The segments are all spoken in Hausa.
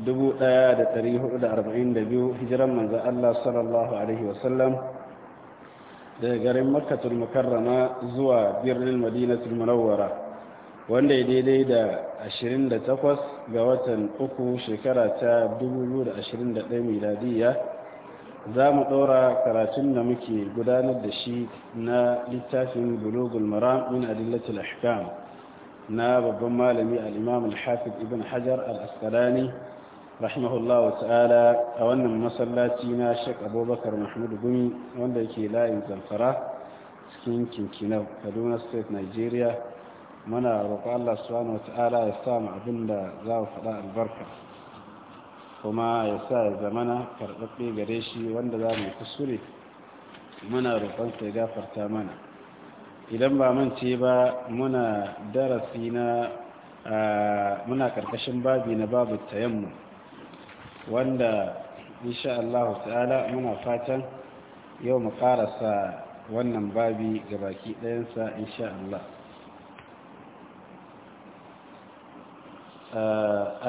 1442 hijiran manzan Allah sallallahu Alaihi wasallam daga garin makatul makarrama zuwa birnin madinatul munawwara wanda ya daidai da 28 ga watan uku shekara ta 2021 miladiya za mu ɗora karatun da muke gudanar da shi na littafin bulugul maram min adillatul ahkam na babban malami al-imam al-hafiz ibn hajar al-asqalani rahimahullahu ta'ala a wannan masallaci na shek abubakar mahmud gumi wanda yake layin zamfara cikin kinkina kaduna state nigeria muna roƙo allah subhanahu wata'ala ya sa mu abin da za mu faɗa albarka kuma ya sa ya zamana karɓaɓɓe gare shi wanda za mu kusure muna roƙon sai gafarta mana idan ba mance ba muna darasi na muna ƙarƙashin babi na babu tayammu wanda insha Allah ta'ala muna fatan yau mu karasa wannan babi ga baki ɗayansa insha Allah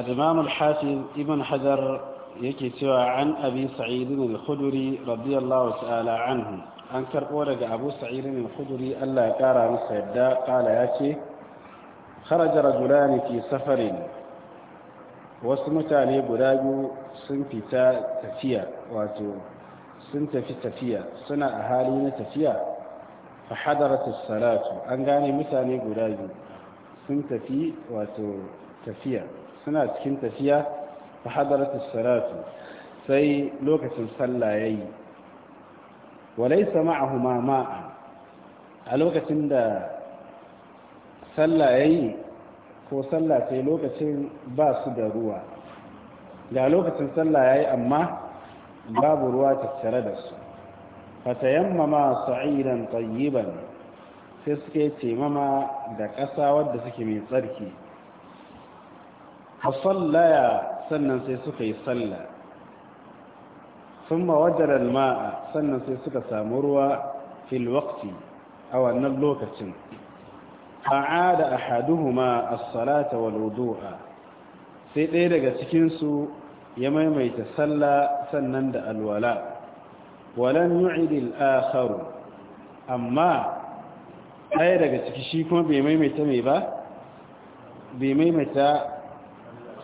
الإمام الحافظ ابن حجر يكتوى عن أبي سعيد الخدري رضي الله تعالى عنه أنكر أولد أبو سعيد الخدري ألا كار مسعدا قال ياتي خرج رجلان في سفر wasu mutane guda biyu sun fita tafiya wato sun tafi tafiya suna a hali na tafiya fa hadaratu salatu an gane mutane guda biyu sun tafi wato tafiya suna cikin tafiya fa hadaratu salatu sai lokacin sallah yayi walaysa ma'ahuma ma'a a lokacin da sallah yayi ko sallah sai lokacin ba su da ruwa ga lokacin sallah ya yi amma babu ruwa tattare da su ma sa'idan tayyiban sai suke taimama da ƙasa wadda suke mai tsarki fasallaya sannan sai suka yi salla sun mawajar alma'a sannan sai suka samu ruwa fil waqti a wannan lokacin a'ada ahaduhuma as-salata wal wudu'a sai ɗaya daga cikin su ya maimaita sallah sannan da alwala walam yu'id al-akhar amma ɗaya daga ciki shi kuma bai maimaita mai ba bai maimaita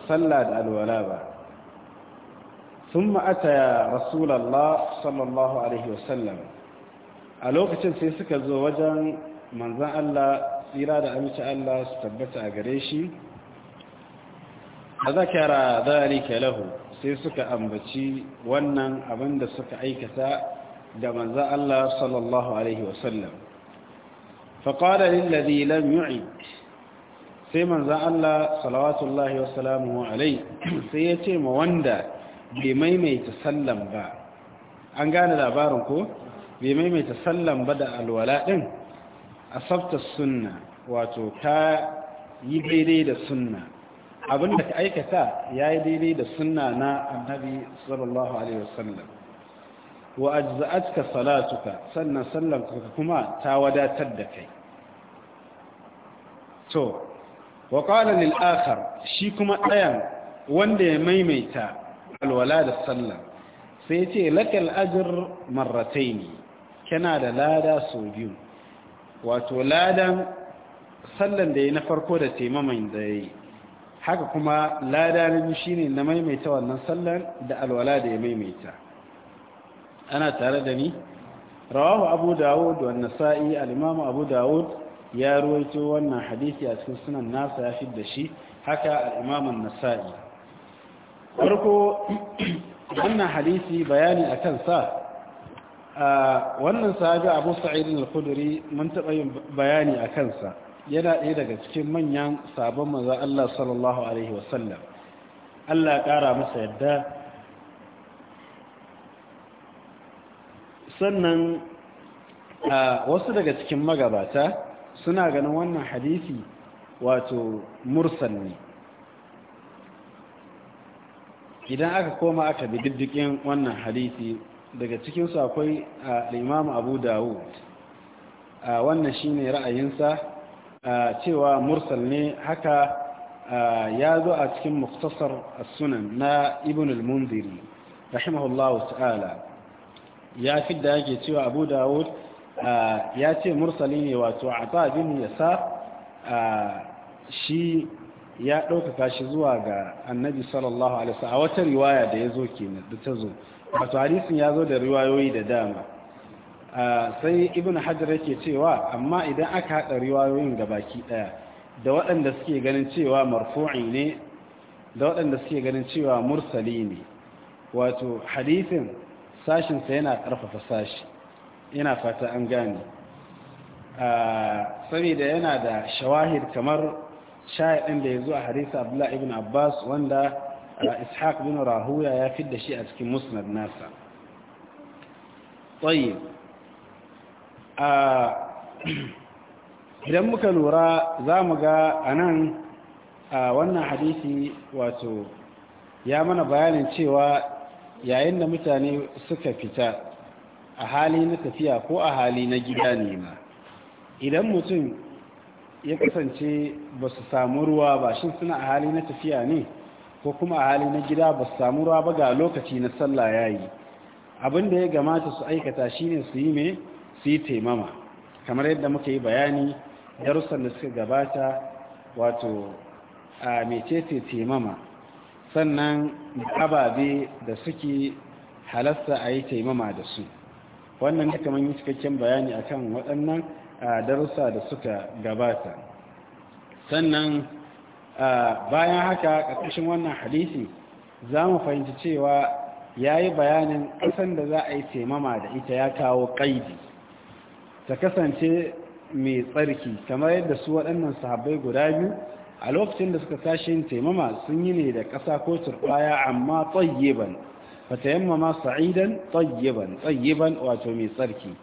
sallah da alwala ba sun أتى رسول الله صلى الله عليه a lokacin sai suka zo wajen manzan Allah tsira da amince Allah su tabbata a gare shi A fazakara zalika lahu sai suka ambaci wannan abin da suka aikata da manza Allah sallallahu alaihi wasallam faqala lil ladhi lam yu'id sai manzo Allah salawatullahi wasalamu alaihi sai ya ce ma wanda bai maimaita Sallam ba an gane labarin ko bai maimaita Sallam ba da alwala din asabta sunna wato ka yi daidai da sunna abin da ka aikata ya yi daidai da sunna na annabi sallallahu alaihi wasallam wa ajza'atka salatuka sannan sallan kuma ta wadatar da kai to wa qala lil akhar shi kuma ɗayan wanda ya maimaita alwala da sallah sai ya ce lakal ajr marrataini kana da lada sau biyu wato ladan sallan da ya na farko da taimamai da ya yi haka kuma lada na ne shine na maimaita wannan sallan da alwala da ya maimaita ana tare da ni rawahu abu dawud wa nasa'i al abu dawud ya ruwaito wannan hadisi a cikin sunan nasa ya fidda shi haka al nasai farko wannan hadisi bayani akan sa wannan sahabi abu sa'id al-khudri mun taba yin bayani a kansa yana ɗaya daga cikin manyan sabon manzon Allah sallallahu alaihi wasallam Allah ya ƙara masa yadda sannan wasu daga cikin magabata suna ganin wannan hadisi wato mursal ne idan aka koma aka bi diddikin wannan hadisi daga cikinsu akwai limamin abu dawud wannan shine ra'ayinsa cewa mursal ne haka ya zo a cikin muktasar sunan na ibn al-munziri rahimahullahu ta'ala ya fi da yake cewa abu dawud ya ce mursali ne wato a tabin yasa shi ya ɗaukaka shi zuwa ga annabi sallallahu alaihi a wata riwaya da ya zo kenan da ta zo wato hadisin ya zo da riwayoyi da dama sai ibn hajar yake cewa amma idan aka haɗa riwayoyin ga baki ɗaya da waɗanda suke ganin cewa marfu'i ne da waɗanda suke ganin cewa mursali ne wato hadisin sashinsa yana ƙarfafa sashi yana fata an gane saboda yana da shawahid kamar ɗin da ya zo a hadisa abdullahi ibn abbas wanda ishaq bin rahuya ya fidda shi a cikin musnad nasa tsayin idan muka lura za mu ga a nan wannan hadisi wato ya mana bayanin cewa yayin da mutane suka fita a hali na tafiya ko a hali na gida ne ma idan mutum ya kasance ba su samu ruwa ba shin suna a hali na tafiya ne ko kuma a hali na gida ba samu ruwa ba ga lokaci na sallah ya yi abin da ya gamata su aikata shine su yi mai su yi taimama kamar yadda muka yi bayani darussan da suka gabata wato a mecece taimama sannan ababe da suke halasta a yi taimama da su wannan ya kamar yi cikakken bayani akan waɗannan darussa da suka gabata sannan bayan haka ƙarƙashin wannan hadisi za mu fahimci cewa ya yi bayanin ƙasan da za a yi taimama da ita ya kawo ƙaidi ta kasance mai tsarki kamar yadda su waɗannan sahabbai guda biyu a lokacin da suka tashi yin taimama sun yi ne da ƙasa ko turɓaya amma tsayyeban yamma yammama sa'idan tsayyeban tsayyeban wato mai tsarki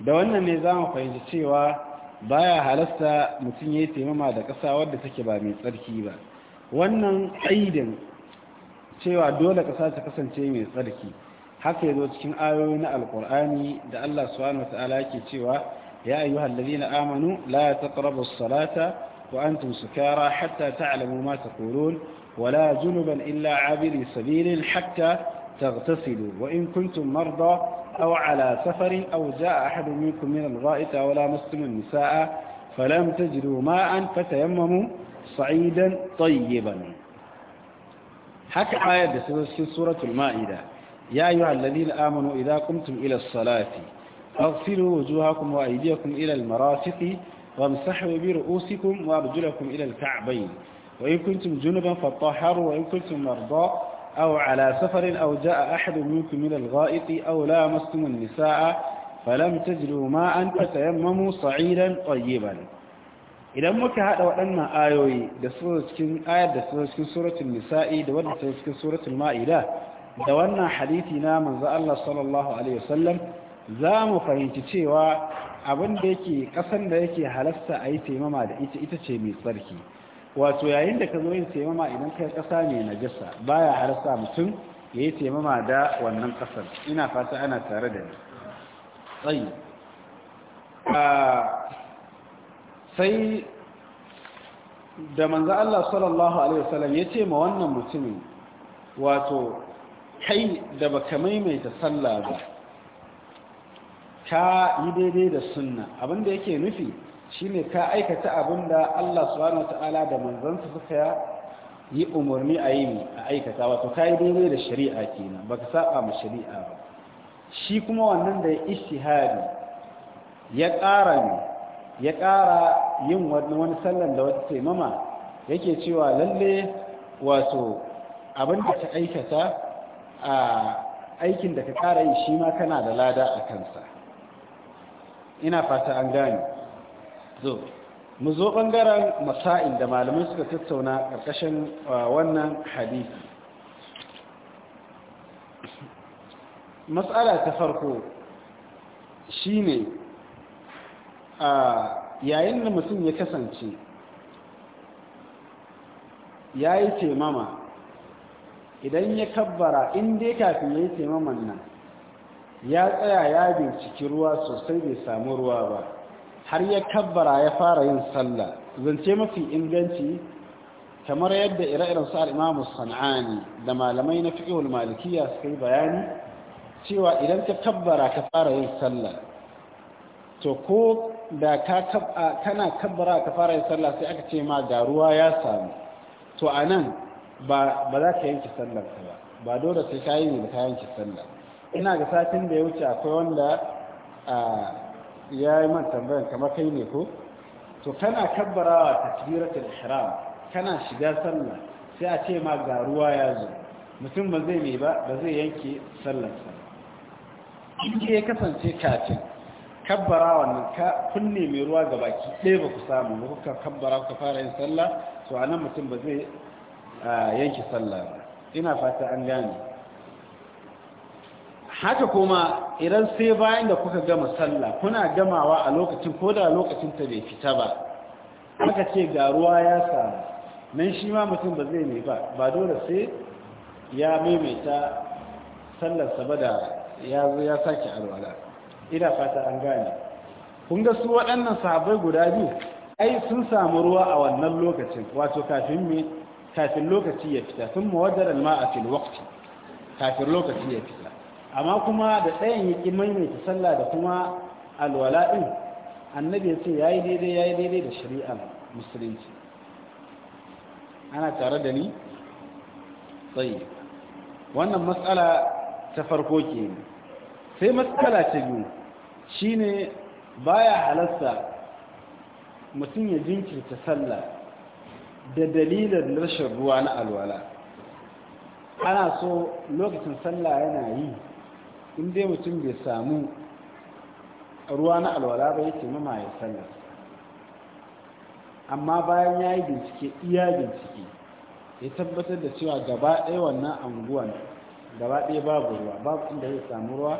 da wannan ne za mu fahimci cewa baya halasta mutum ya yi taimama da ƙasa wadda take ba mai tsarki ba wannan aidin cewa dole ƙasa ta kasance mai tsarki haka yazo cikin ayoyi na alkur'ani da Allah subhanahu wataala yake cewa ya ayyuhal ladina amanu la taqrabu as-salata wa antum sukara hatta ta'lamu ma taqulun wa la junuban illa abiri sabilin hatta taghtasilu wa in kuntum marda أو على سفر أو جاء أحد منكم من الغائط أو لامستم النساء فلم تجدوا ماء فتيمموا صعيدا طيبا حكى آية في سورة المائدة يا أيها الذين آمنوا إذا قمتم إلى الصلاة فاغسلوا وجوهكم وأيديكم إلى المرافق وامسحوا برؤوسكم وأرجلكم إلى الكعبين وإن كنتم جنبا فطهروا وإن كنتم مرضى أو على سفر أو جاء أحد منكم من الغائط أو لامستم النساء فلم تجدوا ماء فتيمموا صعيدا طيبا idan muka hada waɗannan ayoyi da suka cikin ayar da suka cikin suratul nisa'i da wanda suka cikin suratul ma'ida da wannan hadisi na manzo Allah sallallahu alaihi wasallam za mu fahimci cewa abin da yake kasan da yake halasta a yi taimama da ita ita ce mai tsarki wato yayin da ka zo yin taimama idan kai ƙasa ne na jasa baya sa mutum ya yi taimama da wannan ƙasar ina fata ana tare da ni tsayi sai da manzo Allah sallallahu alaihi wasallam ya ce ma wannan mutumin wato kai da baka maimaita sallah ba ka yi daidai da sunna abinda yake nufi shine ka aikata abin da Allah subhanahu wataala da manzansa suka yi umarni a yi a aikata wato ka yi daidai da shari'a kenan baka saba ma shari'a ba shi kuma wannan da ya ishtihadi ya ƙara ne ya ƙara yin wani sallan da wata taimama yake cewa lalle wato abin da ka aikata a aikin da ka ƙara yi shi ma kana da lada a kansa ina fata an gane zo mu zo ɓangaren masain da malamai suka tattauna ƙarƙashin uh, wannan hadisi matsala ta farko shine a uh, yayin da mutum ya kasance ya yi temama idan ya kabbara inda kafin ya yi temaman nan ya tsaya ya binciki ruwa sosai bai samu ruwa ba har ya kabbara ya fara yin sallah zance mafi inganci kamar yadda ire-iren su al'imamu sana'ani da malamai na fiƙihul malikiya suka yi bayani cewa idan ka kabbara ka fara yin sallah to ko da kana kabbara ka fara yin sallah sai aka ce ma ga ruwa ya samu to a nan ba za ka yanke sallar ka ba ba dole sai ka yi ne da ka yanke sallar ina ga satin da ya wuce akwai wanda ya yi man tambayan kamar kai ne ko to kana kabbarawa takbiratul ihram kana shiga sallah sai a ce ma ga ruwa ya zo mutum ba zai ne ba ba zai yanke sallarsa in ya kasance kafin kabbara wannan ka kunne mai ruwa ga baki ɗaya ba ku samu ba kuka kabbara kuka fara yin sallah to a nan mutum ba zai ah, yanke sallah ba ina fata an gane haka kuma idan sai bayan da kuka gama sallah kuna gamawa a lokacin ko da lokacin ta bai fita ba aka ce ga ruwa ya samu nan shi ma mutum ba zai ne ba ba dole sai ya maimaita sallar ba da ya zo ya sake alwala ina fata an gane kun ga su waɗannan sahabbai guda biyu ai sun samu ruwa a wannan lokacin wato kafin me kafin lokaci ya fita sun mawadar alma'a a fil waqti kafin lokaci ya fita amma kuma da tsayin ya ƙi maimaita sallah da kuma alwala ɗin annabi ya ce ya yi daidai ya yi daidai da shari'ar musulunci ana tare da ni tsayi wannan matsala ta farko ke sai matsala ta biyu shine baya halarsa mutum ya jinkirta sallah da dalilin rashin ruwa na alwala ana so lokacin sallah yana yi in dai mutum bai samu ruwa na alwala ba yake mama ya sallar amma bayan ya yi bincike iya bincike ya tabbatar da cewa gaba ɗaya wannan anguwan gaba ɗaya babu ruwa babu inda zai samu ruwa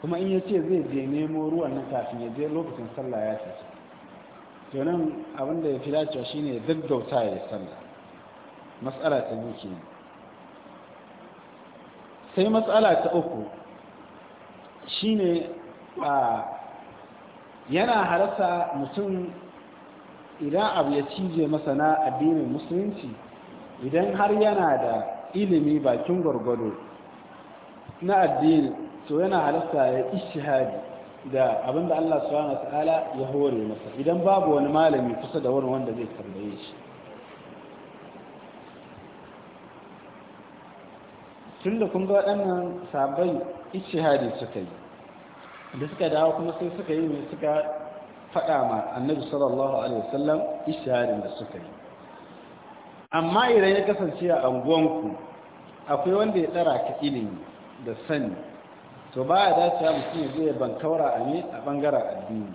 kuma in ya ce zai je nemo ruwan na kafin ya je lokacin sallah ya tafi to nan abin da ya fi dacewa shine ya gaggauta ya sallah matsala ta biki sai matsala ta uku shine a yana harasa mutum idan abu ya cije masana na addinin musulunci idan har yana da ilimi bakin gwargwado na addini to yana halasta ya ishihadi da abinda Allah su subhanahu ta'ala ya hore masa idan babu wani malami kusa da wani wanda zai tambaye shi tun da kun ga waɗannan sabai ishihadi suka yi da suka dawo kuma sai suka yi mai suka faɗa ma annabi sallallahu alaihi wasallam isharin da suka yi amma idan ya kasance a anguwanku akwai wanda ya tsara ka ilimi da sani to ba a dace mutum ya zai bankaura a ne a bangaren addini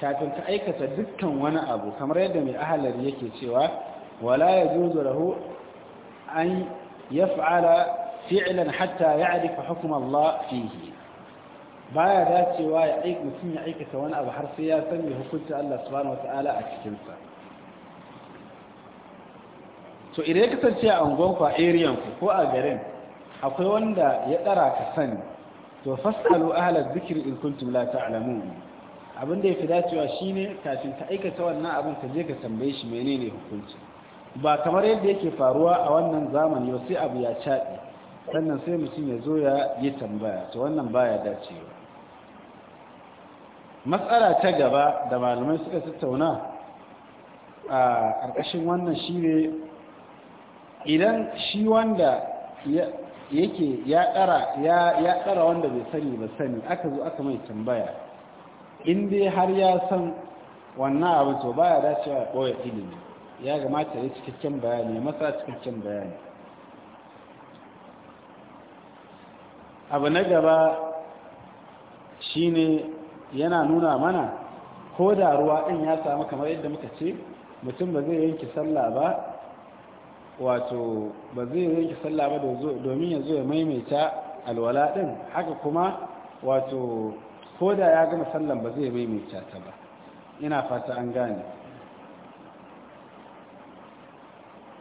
kafin ka aikata dukkan wani abu kamar yadda mai ahalar yake cewa wala ya juzu rahu an fa'ala fi'lan hatta ya'rifa hukm Allah fihi baya dacewa ya aiki mutum ya aikata wani abu har sai ya san mai hukunta Allah subhanahu ta'ala a cikinsa. sa to idan ya kasance a unguwan a area ku ko a garin akwai wanda ya tsara ka sani to fasalu ahla zikri in kuntum la ta'lamun abin da yafi dacewa shine kafin ka aikata wannan abin ka je ka tambaye shi menene hukunci ba kamar yadda yake faruwa a wannan zamani ba sai abu ya caɗi. sannan sai mutum ya zo ya yi tambaya to wannan baya dacewa matsala ta gaba da malamai suka tattauna a ƙarƙashin wannan shi ne idan shi wanda yake ya ɗara wanda bai sani ba sani aka zo aka mai tambaya in dai har ya san wannan abin to baya dacewa ya ɓoye ilimi ya gamata ya cikakken bayani ya masa cikakken bayani abu na gaba shine yana nuna mana ko da ruwa ɗin ya samu kamar yadda muka ce mutum ba zai yanki sallah ba wato ba zai yanki sallah ba domin ya zo ya maimaita alwala ɗin haka kuma wato ko da ya gama sallan ba zai maimaita ta ba ina fata an gane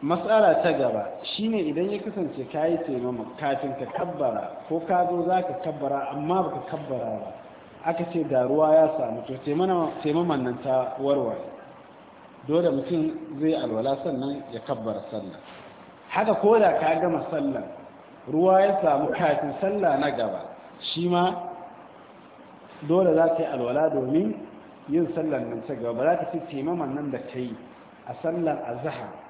matsala ta gaba shine idan ya kasance ka yi taimama kafin ka kabbara ko ka zo za ka kabbara amma baka kabbara ba aka ce da ruwa ya samu to taimaman nan ta warware dole mutum zai alwala sannan ya kabbara sallah haka ko da ka gama sallah ruwa ya samu kafin sallah na gaba shi ma dole za ka yi alwala domin yin sallar nan ta gaba za ka ce taimaman nan da ka yi a sallar azahar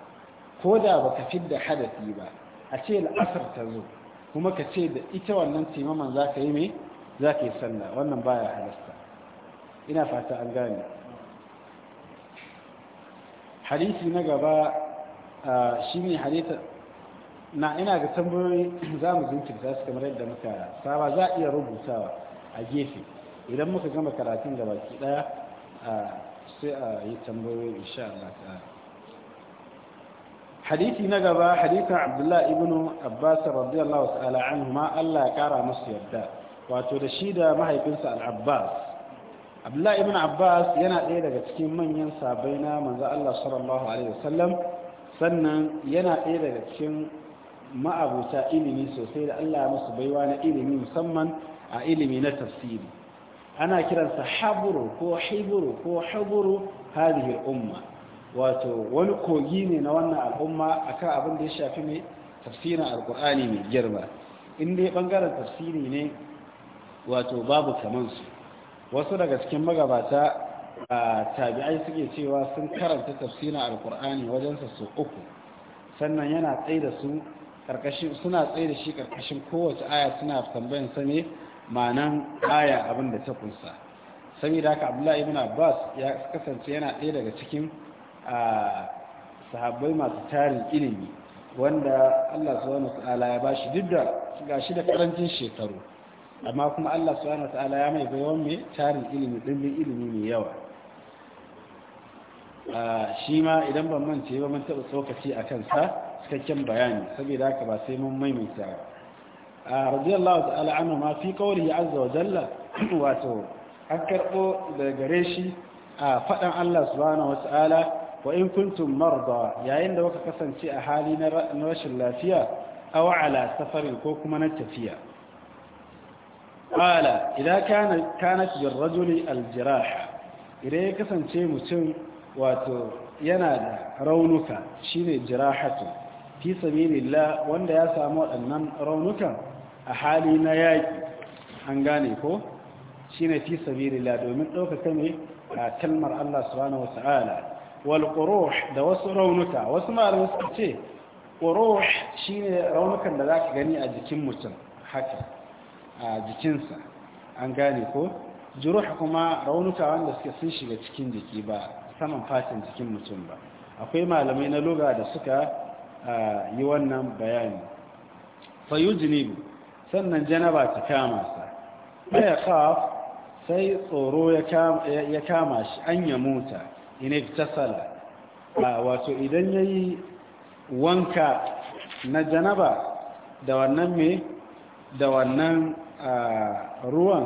ko da ba ka fi da hadafi ba a ce la'asar ta zo kuma ka ce da ita wannan taimaman za ka yi mai za ka yi sallah wannan baya halasta ina fata an gane hadisi na gaba shi ne hadita na ina ga tambayoyi za mu za su kamar yadda muka saba za a iya rubutawa a gefe idan muka gama karatun gabaki daya sai a yi tambayoyi insha Allah ta'ala hadisi na gaba hadisin abdullahi ibn abbas radiyallahu ta'ala anhu ma Allah ya kara musu yadda wato da shi da mahaifinsa al-abbas abdullahi ibn abbas yana ɗaya daga cikin manyan sabai na manzo Allah sallallahu alaihi wasallam sannan yana ɗaya daga cikin ma'abuta ilimi sosai da Allah ya musu baiwa na ilimi musamman a ilimi na tafsiri ana kiransa haburu ko hiburu ko haburu hadhihi umma wato wani kogi ne na wannan al'umma a kan abin da ya shafi mai tafsirin alkur'ani mai girma in dai bangaren tafsiri ne wato babu kamansu wasu daga cikin magabata a tabi'ai suke cewa sun karanta tafsirin alkur'ani wajensa su uku sannan yana tsaye da su karkashin suna tsaye da shi karkashin kowace aya suna tambayan sa ne ma'anan aya abin da ta kunsa saboda haka abdullahi ibn abbas ya kasance yana ɗaya daga cikin a sahabbai masu tarin ilimi wanda Allah wani Ta'ala ya bashi duk da shi da karancin shekaru amma kuma Allah wani Ta'ala ya mai bayan mai tarin ilimi dimbin ilimi mai yawa shi ma idan ban mance ba mun taɓa tsokaci a kansa cikakken bayani saboda haka ba sai mun maimaita ba a radiyallahu ta'ala anhu ma fi qawlihi azza wa jalla wato an karɓo da gare shi a fadan Allah subhanahu wa ta'ala wa in kuntum marda yayin da kuka kasance a hali na rashin lafiya aw ala safarin ko kuma na tafiya qala idan kana kanat bil rajuli al idan ya kasance mutum wato yana da raunuka shine jirahatu fi sabilillah wanda ya samu wadannan raunukan a hali na yaki an gane ko shine fi sabilillah domin dauka kame a kalmar Allah subhanahu wa ta'ala walƙuruh da wasu raunuka wasu malamai suka ce ƙuruh shi ne raunukan da za ka gani a jikin mutum haka a jikinsa an gane ko juruh kuma raunuka wanda suke sun shiga cikin jiki ba saman fatin jikin mutum ba akwai malamai na loga da suka yi wannan bayani fayu jinibu sannan janaba ta kama sa ɗaya kaf sai tsoro ya kama shi an ya muta in iktasala ah, wato idan yayi wanka na janaba da wannan me da wannan ah, ruwan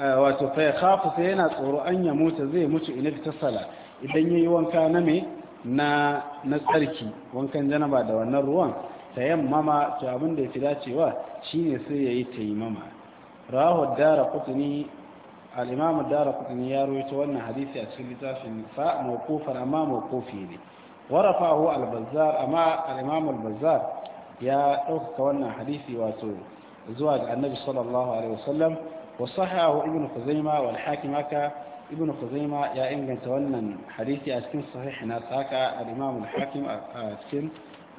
ah, wato fa yakhafu sai yana tsoro an ya mutu zai mutu in iktasala idan yayi wanka na me na tsarki wankan janaba da wannan ruwan ta yammama to abin da fi dacewa shine sai yayi tayammama rawahu ad ni. الإمام الدار قطني يروي تولنا حديثي أتشكل لتاف النساء موقوفا أما موقوفي ورفعه البزار أما الإمام البزار يا أخ تولنا حديثي واتو زواج النبي صلى الله عليه وسلم وصححه ابن خزيمة والحاكم أكا ابن خزيمة يا إن تولنا حديثي أتشكل صحيح ناس هكا الإمام الحاكم أتشكل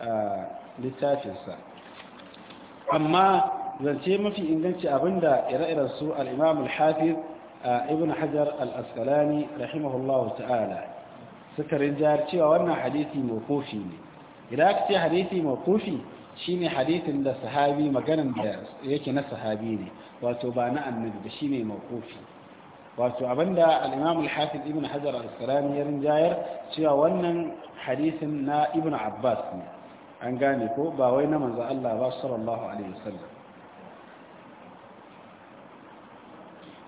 آه، لتاف النساء أما zance mafi inganci abinda ire-iren su الإمام hafiz ibn hajar al-asqalani rahimahullahu ta'ala suka rinjar cewa wannan hadisi mawqufi ne idan aka ce hadisi mawqufi shine hadisin da sahabi maganan da yake na sahabi ne wato ba na annabi ba shine mawqufi wato abinda al-imam al-hafiz ibn hajar al-asqalani ya rinjayar cewa wannan hadisin na ibn abbas ne an gane ko ba wai na manzo Allah ba sallallahu alaihi wasallam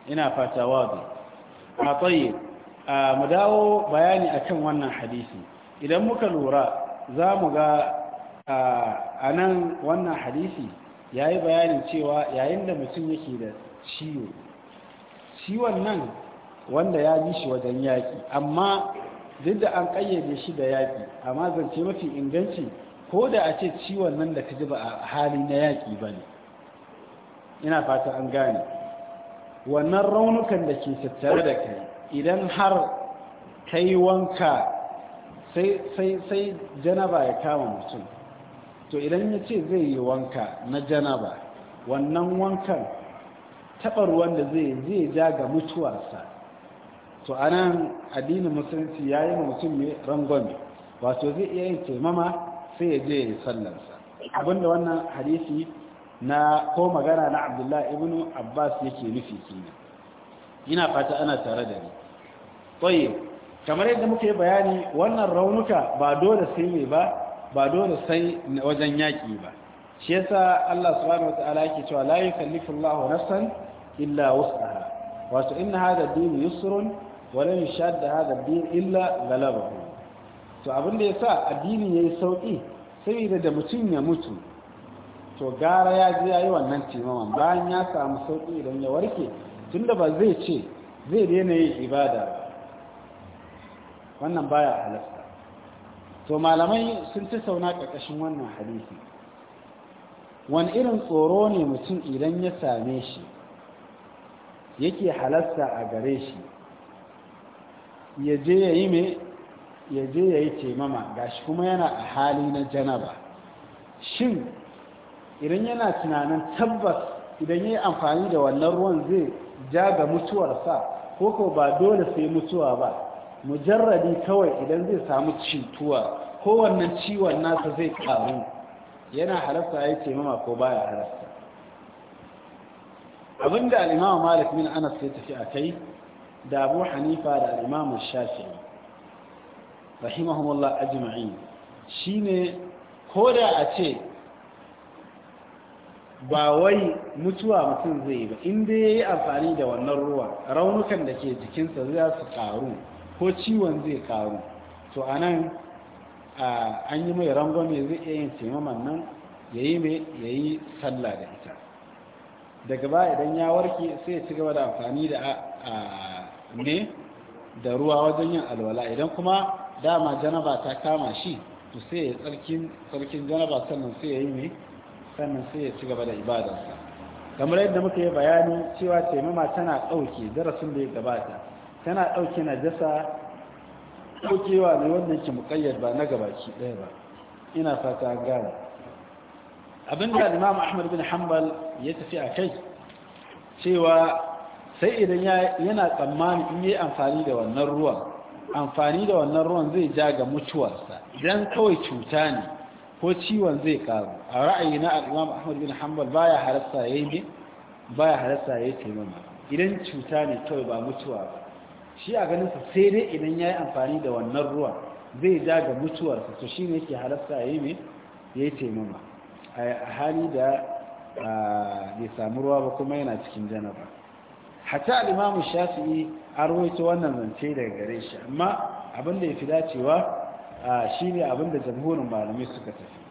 ina fata wadu a tsaye a mu dawo bayani kan wannan hadisi idan muka lura za mu ga a nan wannan hadisi ya yi bayanin cewa yayin da mutum yake da ciwo ciwon nan wanda ya bi shi wajen yaƙi amma duk da an ƙayyade shi da yaƙi amma zance mafi inganci ko da a ce ciwon nan da ka ji ba a hali na yaƙi ba ne ina fata an gane wannan raunukan da ke tattare da kai idan har ka yi wanka sai janaba ya kama mutum to idan ya ce zai yi wanka na janaba wannan wankan taɓar wanda zai zai ja ga mutuwarsa to anan addinin musulunci ya yi mutum mai rangon wato zai iya yin taimama sai ya je ya yi sallarsa abinda wannan hadisi na ko magana na abdullahi ibn abbas yake nufi kina ina fata ana tare da ni tsaye kamar yadda muke bayani wannan raunuka ba dole sai ne ba ba dole sai wajen yaƙi ba shi yasa Allah subhanahu wataala yake cewa la yukallifu Allahu nafsan illa wus'aha wato inna hadha ad-din yusrun wa lan yashadda hadha ad-din illa ghalabahu to abin da yasa addini yayi sauki saboda da mutum ya mutu to gara ya je ya yi wannan timaman bayan ya samu sauƙi idan ya warke tun da ba zai ce zai daina yin ibada wannan baya halasta to malamai sun ci sauna ƙarƙashin wannan hadisi wani irin tsoro ne mutum idan ya same shi yake halasta a gare shi ya je ya yi mai ya je ya yi temama gashi kuma yana a hali na janaba shin idan yana tunanin tabbas idan ya yi amfani da wannan ruwan zai ja ga mutuwarsa ko ko ba dole sai mutuwa ba mujarradi kawai idan zai samu cintuwa ko wannan ciwon nasa zai karu yana halasta ya yi taimama ko baya halasta abinda Alimama malik min anas sai tafi a kai da abu hanifa da al'imamu shafi rahimahumullah ajma'in shine ko da a ce ba wai mutuwa mutum zai yi ba inda ya yi amfani da wannan ruwa raunukan da ke jikinsa za su karu ko ciwon zai karu to a nan an yi mai rangwame zai iya yin taimaman nan ya yi mai ya yi sallah da ita daga ba idan ya warke sai ya ci gaba da amfani da ne da ruwa wajen yin alwala idan kuma dama janaba ta kama shi to sai ya tsarkin janaba sannan sai ya yi mai sannan sai ya ci gaba da ibadarsa kamar yadda muka yi bayani cewa taimama tana ɗauke darasin da ya gabata tana ɗauke na dasa ɗaukewa ne wannan ki muƙayyar ba na gabaki ɗaya ba ina fata gane abin da imam ahmad bin hanbal ya tafi a kai cewa sai idan yana tsammani in yi amfani da wannan ruwan amfani da wannan ruwan zai ja ga mutuwarsa idan kawai cuta ne ko ciwon zai karu a ra'ayi na al'umma ahmad bin hanbal baya ya yi halasta ya yi taimama idan cuta ne kawai ba mutuwa ba shi a ganinsa sai dai idan ya yi amfani da wannan ruwa zai ja ga mutuwarsa to shi ne ke halasta ya yi ya taimama a hali da bai samu ruwa ba kuma yana cikin janaba hata al'umma shafi'i a rawaito wannan zance daga gare shi amma abin da ya fi dacewa shi ne abinda jamhurin malamai suka tafi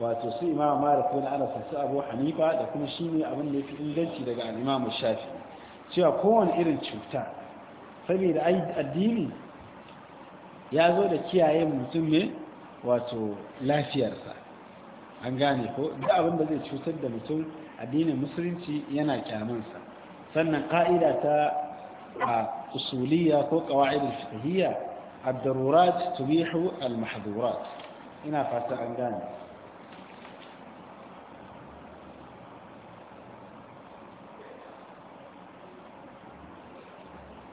wato su imam malik wani ana sassu abu hanifa da kuma shi ne abinda ya fi inganci daga alimamun shafi cewa kowane irin cuta saboda addini ya zo da kiyaye mutum ne wato lafiyarsa an gane ko duk abinda zai cutar da mutum addinin musulunci yana kyamansa sannan ka'ida ta a usuliya ko kawa'idar fitahiyya ad-darurat tubihu al-mahdhurat ina fata an gane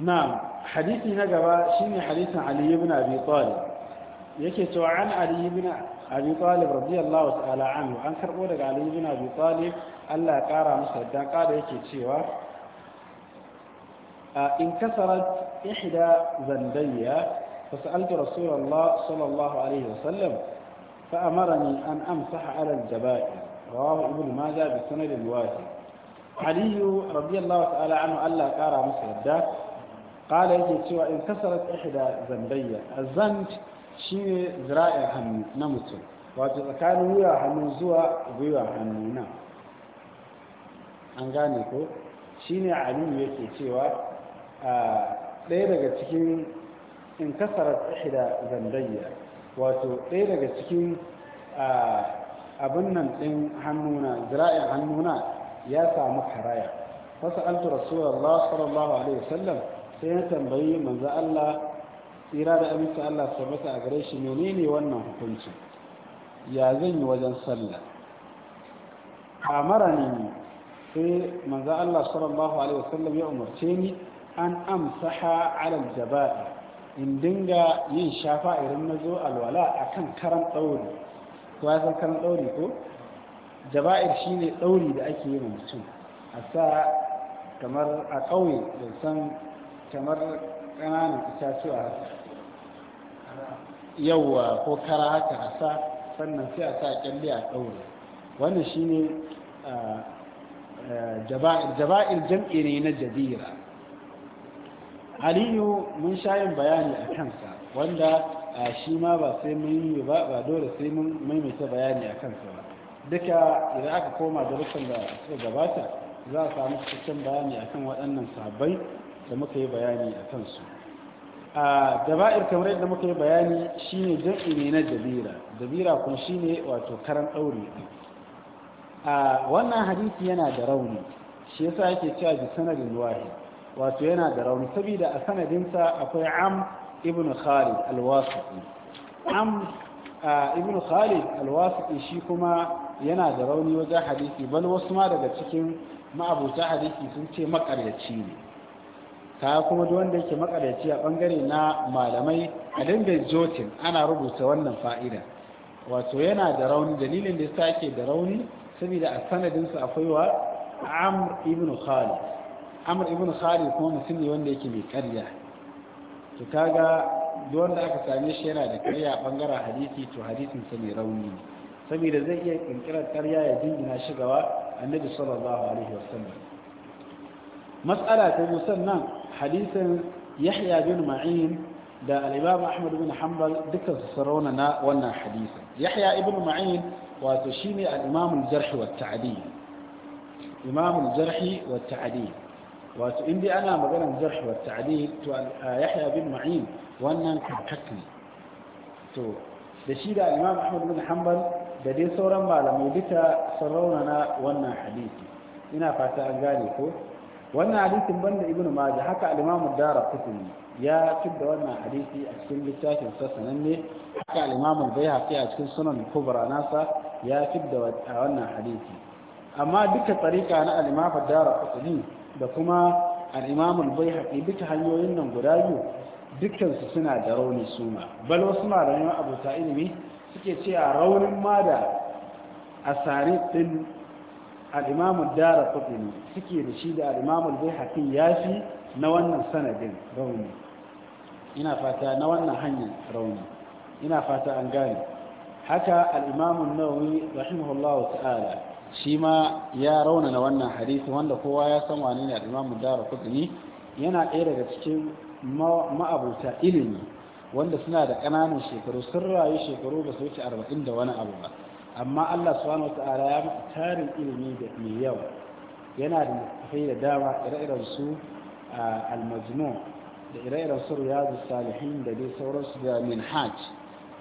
نعم حديثي نقبا شيني حديث علي بن أبي طالب يكتو عن علي بن أبي طالب رضي الله تعالى عنه أنكر أولك علي بن أبي طالب ألا قارى مسعدا قال يكتو انكسرت إحدى ذنبي فسألت رسول الله صلى الله عليه وسلم فأمرني أن أمسح على الجبائن رواه ابن ماجه بسند واحد علي رضي الله تعالى عنه ألا قال مسعدة قال يجي سوى إن كسرت إحدى ذنبي الذنب شيء ذراع هم نمت وكان ويا هم زوا ويا هم نام an gane ko shine aliyu yake cewa ɗaya daga cikin in kasarar ihda zandayya wato ɗaya daga cikin abin nan ɗin hannuna zira'in hannuna ya samu karaya wasu altu rasulallah sallallahu alaihi wasallam sai ya tambayi manzo Allah tsira da aminci Allah tabbata a gare shi menene wannan hukunci ya zan yi wajen sallah amara ne sai manzo Allah sallallahu alaihi wasallam ya umarce ni an amsaha ala jaba'i. in dinga yin shafa irin na zo alwala a kan karan ɗauri ko ya san karan ɗauri ko jaba'ir shi ne ɗauri da ake yi mutum a sa kamar a ƙauye da san kamar ƙananan itatuwa yauwa ko kara haka a sa sannan sai a sa kyalle a tsauri wannan shi ne ah, ah, jaba'ir jam'i ne na jabira aliyu mun sha yin bayani a kansa wanda a shi ma ba sai mun yi ba ba dole sai mun maimaita bayani a kansa ba duka idan aka koma da rukun da suka gabata za a samu cikin bayani a kan waɗannan sabai da muka yi bayani a kansu a daba'ir kamar yadda muka yi bayani shine jam'i ne na dabira dabira kun shine wato karan ɗaure a wannan hadisi yana da rauni shi yasa yake cewa bi sanadin wahid wato yana da rauni saboda a sanadinsa akwai am ibn khalid al am ibn khalid al shi kuma yana da rauni wajen hadisi bal wasu ma daga cikin ma'abuta hadisi sun ce makaryaci ne ta kuma duk wanda yake makaryaci a bangare na malamai a dinga jotin ana rubuta wannan fa'ida wato yana da rauni dalilin da yasa yake da rauni saboda a sanadinsa akwai wa amr ibn khalid amur ibn khali kuma mutum ne wanda yake mai karya to kaga duk wanda aka same shi yana da karya a bangaren hadisi to hadisin sa mai rauni ne saboda zai iya kinkirar karya ya dingina shi gawa annabi sallallahu alaihi wasallam mas'ala ta musannan hadisin yahya bin ma'in da al-imam ahmad bin hanbal dukkan su sarauna na wannan hadisin yahya ibn ma'in wato shine al-imam al-jarh wa at-ta'dil imam al-jarh wa tadil imam al jarh wa tadil wasu in ana maganar jarh wa ta'dil to Yahya bin Ma'in wannan karkat ne to da shi da Imam Ahmad bin Hanbal da dai sauran malamai duka sarrauna na wannan hadisi ina fata an gane ko wannan hadisin banda ibnu Majah haka al-Imam dara darqutni ya fidda wannan hadisi a cikin littafin sa sananne haka al-Imam Al-Baihaqi a cikin Sunan Kubra nasa ya fidda wannan hadisi amma duka tsarika na al-Imam dara darqutni da kuma al bai al duka hanyoyin nan guda biyu dukkansu suna da rauni suma bal wasu malaman abota ilimi suke ce a raunin ma da asari din al dara kuɗi darqutni suke da shi da al bai al ya fi na wannan sanadin rauni ina fata na wannan hanyar rauni ina fata an gane haka al-imam rahimahullahu ta'ala shi ma ya raunana wannan hadisi wanda kowa ya san wane ne al-Imam Darqutni yana ɗaya daga cikin ma'abuta ilimi wanda suna da ƙananan shekaru sun rayu shekaru ba su wuce arba'in da wani abu ba amma Allah subhanahu wataala ya tarin ilimi da mai yawa yana da littattafai da dama ire-iren su al da ire-iren su riyadu salihin da dai sauransu da minhaj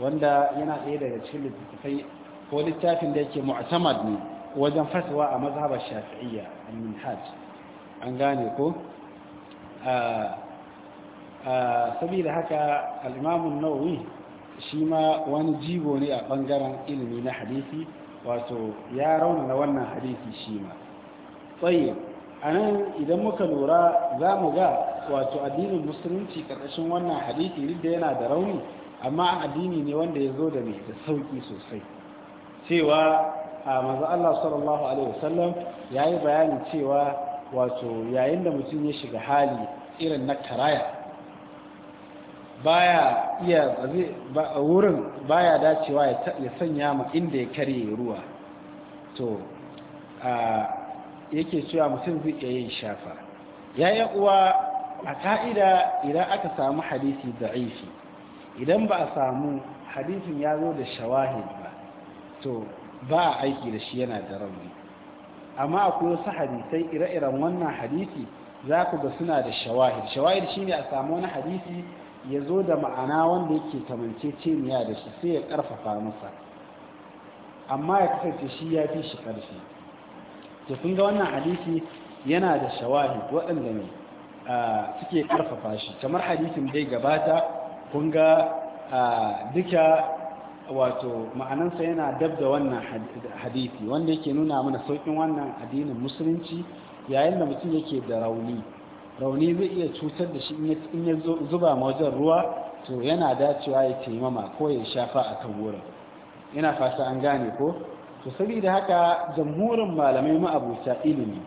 wanda yana ɗaya daga cikin littattafai ko littafin da yake mu'tamad ne wajen fatwa a mazhabar shafi'iyya al-minhaj an gane ko saboda haka al-imam an-nawawi shi ma wani jigo ne a bangaren ilimi na hadisi wato ya raunana wannan hadisi shi ma tsaye a idan muka lura za mu ga wato addinin musulunci ƙarƙashin wannan hadisi duk yana da rauni amma addini ne wanda ya zo da mai da sauki sosai cewa a manzo Allah sallallahu alaihi wasallam yayi bayanin cewa wato yayin da mutum ya shiga hali irin na karaya baya iya wurin baya dacewa ya sanya ma inda ya karya ruwa to yake cewa mutum zai iya yin shafa yayin uwa a ka'ida idan aka samu hadisi da'ifi idan ba a samu hadisin ya zo da shawahid ba to ba a aiki da shi yana da rauni amma akwai wasu hadisai ire-iren wannan hadisi za ku ga suna da shawahid shawahid shine a samu wani hadisi ya zo da ma'ana wanda yake kamanceceniya da shi sai ya karfafa masa amma ya kasance shi ya fi shi karfi to kun ga wannan hadisi yana da shawahid waɗanda ne suke karfafa shi kamar hadisin bai gabata kun ga duka wato ma'anansa yana dab da wannan hadisi wanda yake nuna mana saukin wannan addinin musulunci yayin da mutum yake da rauni rauni zai iya cutar da shi in ya zuba wajen ruwa to yana dacewa ya taimama ko ya shafa a kan wurin ina fasa an gane ko to saboda haka jamhurin malamai ma'abuta ilimi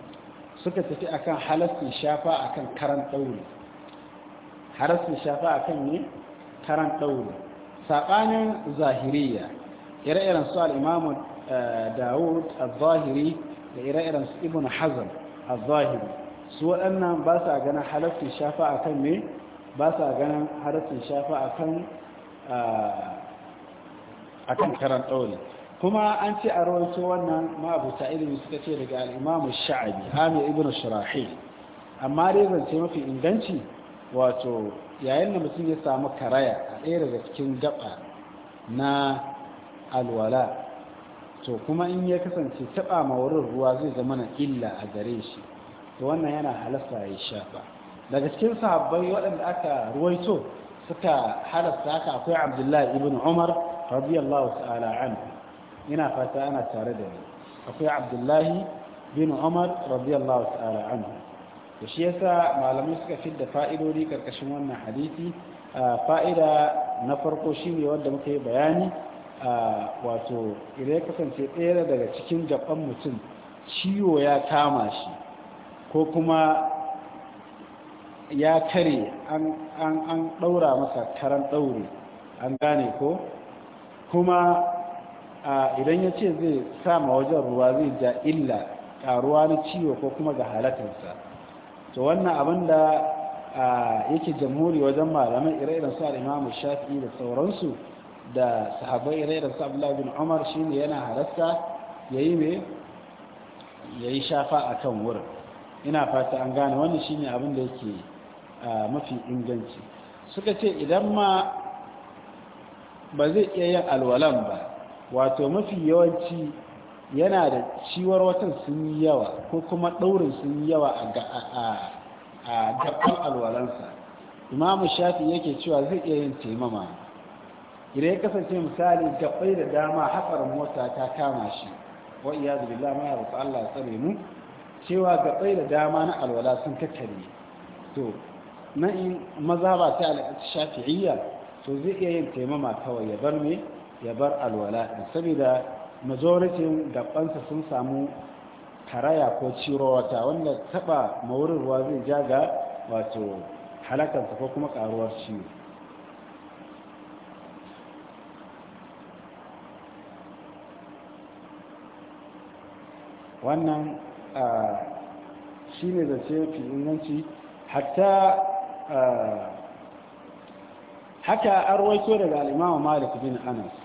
suka tafi akan halastin shafa akan karan ɗaure halastin shafa akan ne karan ɗaure saɓanin zahiriya ire-iren su al'imamu eh, dawud al-zahiri da ire-iren su ibn hazan al-zahiri su waɗannan ba sa ganin halattun shafa a kan me ba sa ganin halattun shafa a kan a kan karan ɗaure kuma an ce a rawaito wannan ma'abuta ilimi suka ce daga al'imamu sha'abi hamid ibn shirahi amma dai zance mafi inganci wato yayin da mutum ya samu karaya a ɗaya daga cikin gaba na alwala to kuma in ya kasance taɓa ma wurin ruwa zai zama na illa a gare shi to wannan yana halasta ya shafa daga cikin sahabbai waɗanda aka ruwaito suka halasta haka akwai abdullahi ibn umar radiyallahu ta'ala an ina fata ana tare da ni akwai abdullahi bin umar radiyallahu ta'ala anhu to shi yasa malamai suka fidda fa'idodi karkashin wannan hadisi fa'ida na farko shine wanda muka yi bayani wato idan ya kasance ɗaya daga cikin jaban mutum ciwo ya kama shi ko kuma ya tare an ɗaura masa karan ɗaure an gane ko kuma idan ya ce zai sama wajen ruwa zai ja illa ƙaruwa na ciwo ko kuma ga halatarsa to wannan abin da yake jamhuri wajen malamai irairar iren su al'imamu shafi'i da sauransu da sahabai ire su abdullahi bin umar shi ne yana harasta ya yi mai ya yi shafa a kan wurin ina fata an gane wannan shi ne abin da yake mafi inganci suka ce idan ma ba zai iya yin alwalan ba wato mafi yawanci yana da ciwar watan sun yi yawa ko kuma ɗaurin sun yi yawa a gaban alwalansa imamu shafi yake cewa zai iya yin taimama idan ya kasance misali gabai da dama hatsarin mota ta kama shi wa iya zubila ma ya rufa Allah tsare mu cewa gabai da dama na alwala sun tattare to na in maza ba ta shafi'iyya to zai iya yin taimama kawai ya bar me ya bar alwala saboda majoritin gabansa sun samu karaya ko wata wanda taba maurin ruwa zai ja ga wato halakarsa ko kuma karuwar ciwo wannan shi ne zace fi inganci hatta haka an daga alimawa malik bin anas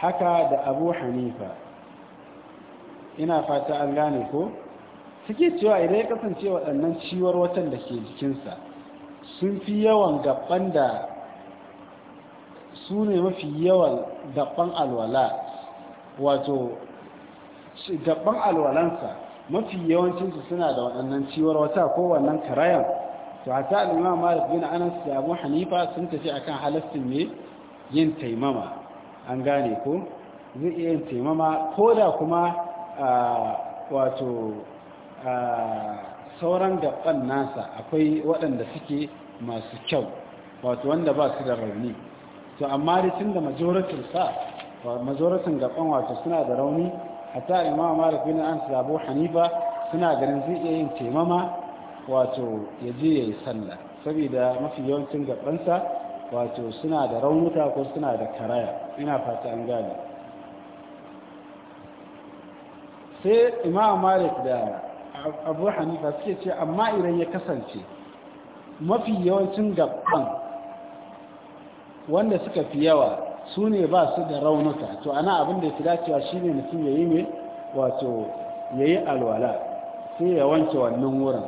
haka da abu hanifa ina fata an gane ko suke cewa idan ya kasance waɗannan ciwar watan da ke jikinsa sun fi yawan gaban da su ne mafi yawan gaban alwala wato gaban alwalansa mafi yawancinsu suna da waɗannan ciwar wata ko wannan karayan to a hata da malik bin anas da abu hanifa sun tafi akan halastin ne yin taimama an gane ko zai iya yin taimama ko da kuma wato sauran gaban nasa akwai waɗanda suke masu kyau wato wanda ba su da rauni to amma da tun da majoratin sa majoratin gaban wato suna da rauni a ta imama malik bin an sabo hanifa suna ganin zai iya yin taimama wato ya je ya yi sallah saboda mafi yawancin gabansa wato suna da raunuka ko suna da karaya ina fata an gane sai imam malik da abu hanifa suke ce amma idan ya kasance mafi yawancin gaban wanda suka fi yawa su ne ba su da raunuka to ana abin da ya fi dacewa shi ne mutum ya yi ne wato ya yi alwala sai ya wanke wannan wurin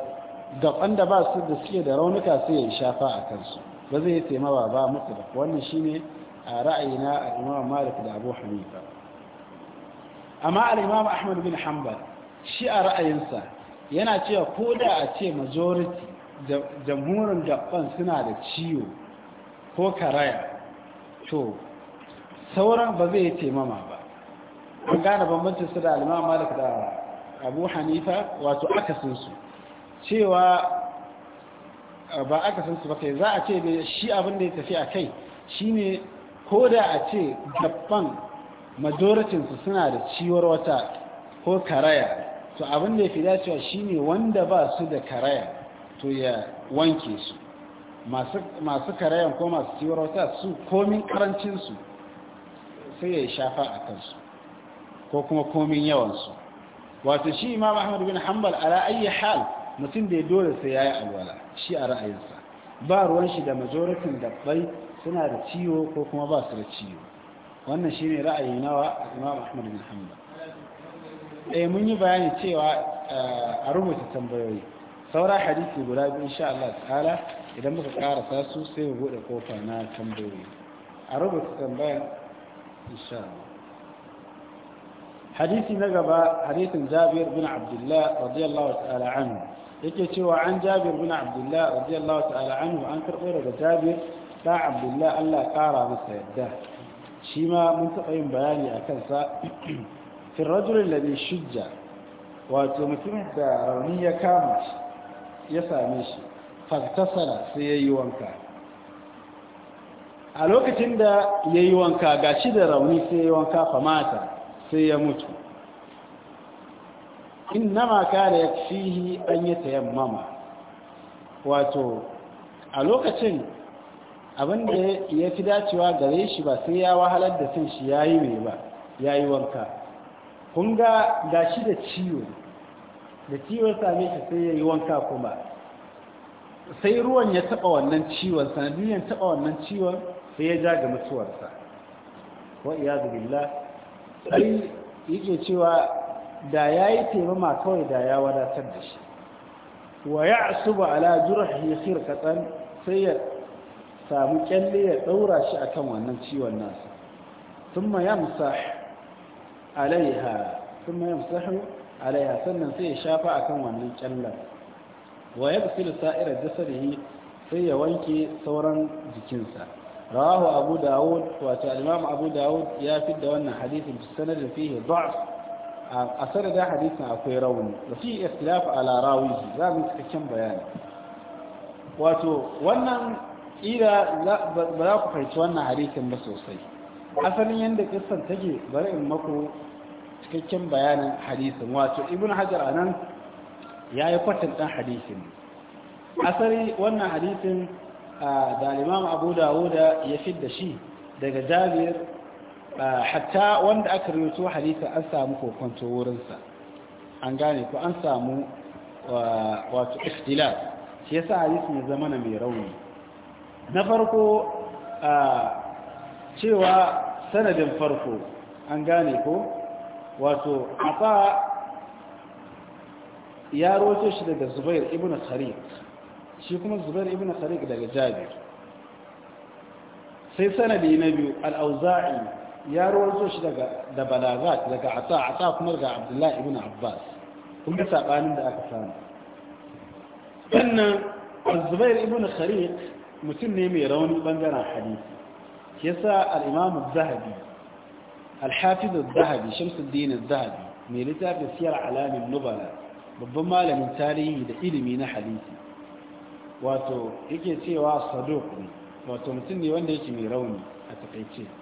gaban da ba su da suke da raunuka sai ya shafa a kansu ba zai yi taimawa ba mutlaq wannan shi ne a ra'ayina a imam malik da abu hanifa amma al Ahmadu ahmad bin hanbal shi a ra'ayinsa yana cewa ko da a ce majority jamhurin dabban suna da ciwo ko karaya to sauran ba zai yi taimama ba an gane bambancin su da malik da abu hanifa wato akasinsu cewa ba aka san su ba kai za a ce ne shi abin da ya tafi a kai shine ko da a ce gabban majoratinsu suna da ciwar wata ko karaya to abin da ya fi dacewa shine wanda ba su da karaya to ya wanke su masu karayan ko masu ciwar wata su komin karancinsu sai ya shafa a kansu ko kuma komin yawansu wato shi imam ahmad bin hanbal ala ayyi hal mutum da ya dole sai ya yi alwala shi a ra'ayinsa ba ruwan shi da majoratin dabbai suna da ciwo ko kuma ba su da ciwo wannan shi ne ra'ayi nawa a imam ahmad bin ɗaya eh, mun yi bayani cewa eh, a rubuta tambayoyi saura hadisi guda biyu insha Allah ta'ala idan muka karasa su sai mu bude kofa na tambayoyi a rubuta tambayan insha Allah hadisi na gaba hadisin Jabir bin Abdullah radiyallahu ta'ala anhu yake cewa an jabir bin abdullah radiyallahu ta'ala anhu an karɓo daga jabir da abdullah Allah ƙara masa yadda shi ma mun taɓa yin bayani a kansa fi rajulin da shujja wato mutumin da rauni ya kama shi ya same shi faktasara sai ya yi wanka a lokacin da ya yi wanka ga shi da rauni sai ya yi wanka famata sai ya mutu innama kana yakfihi an yatayammama wato a lokacin abin da ya fi dacewa gare shi ba sai ya wahalar da sun shi yayi mai ba yayi wanka kun ga gashi da ciwo da ciwon same shi sai yi wanka kuma sai ruwan ya taɓa wannan ciwon sanadiyan taba wannan ciwon sai ya ja ga mutuwarsa wa iyadu billah sai yake cewa da ya yi taimama kawai da ya wadatar da shi wa ya asuba ala jurahi khirqatan sai ya samu kyalle ya daura shi akan wannan ciwon nasa thumma yamsah alaiha thumma yamsahu alaiha sannan sai ya shafa akan wannan kyallan wa yabsil sa'ira jasadihi sai ya wanke sauran jikinsa rawahu abu dawud wato al abu dawud ya fi da wannan hadithin hadisin sanar da fiye da'f a sanadin hadisin akwai rauni da fi istilaf ala rawihi za mu cikakken bayani wato wannan ƙira ba za ku karci wannan hadisin ba sosai asalin yadda kistan take bari in maku cikakken bayanin hadisin wato ibn hajar a nan ya yi kwatan ɗan hadisin asali wannan hadisin da limam abu dawo da ya da shi daga jabir Ah, hatta wanda aka rubuto hadisi an samu kokonto wurinsa an gane ko an samu ah, wato ikhtilaf shi yasa hadisi ne zamana mai rauni na farko ah, cewa sanadin farko an gane ko wato asa ya roto shi daga zubair ibn sariq shi kuma zubair ibn sariq daga jabir sai sanadi na biyu al-auza'i ya rawarzo shi da balagat daga ata ata kuma daga abdullahi ibn abbas kun bi sabanin da aka samu sannan zubair ibn khariq mutum ne mai rauni bangaren hadisi yasa al-imam az-zahabi al-hafiz az-zahabi shamsuddin az-zahabi mai littafin siyar alamin nubala babban malamin tarihi da ilimi na hadisi wato yake cewa saduq ne wato mutum ne wanda yake mai rauni a takaice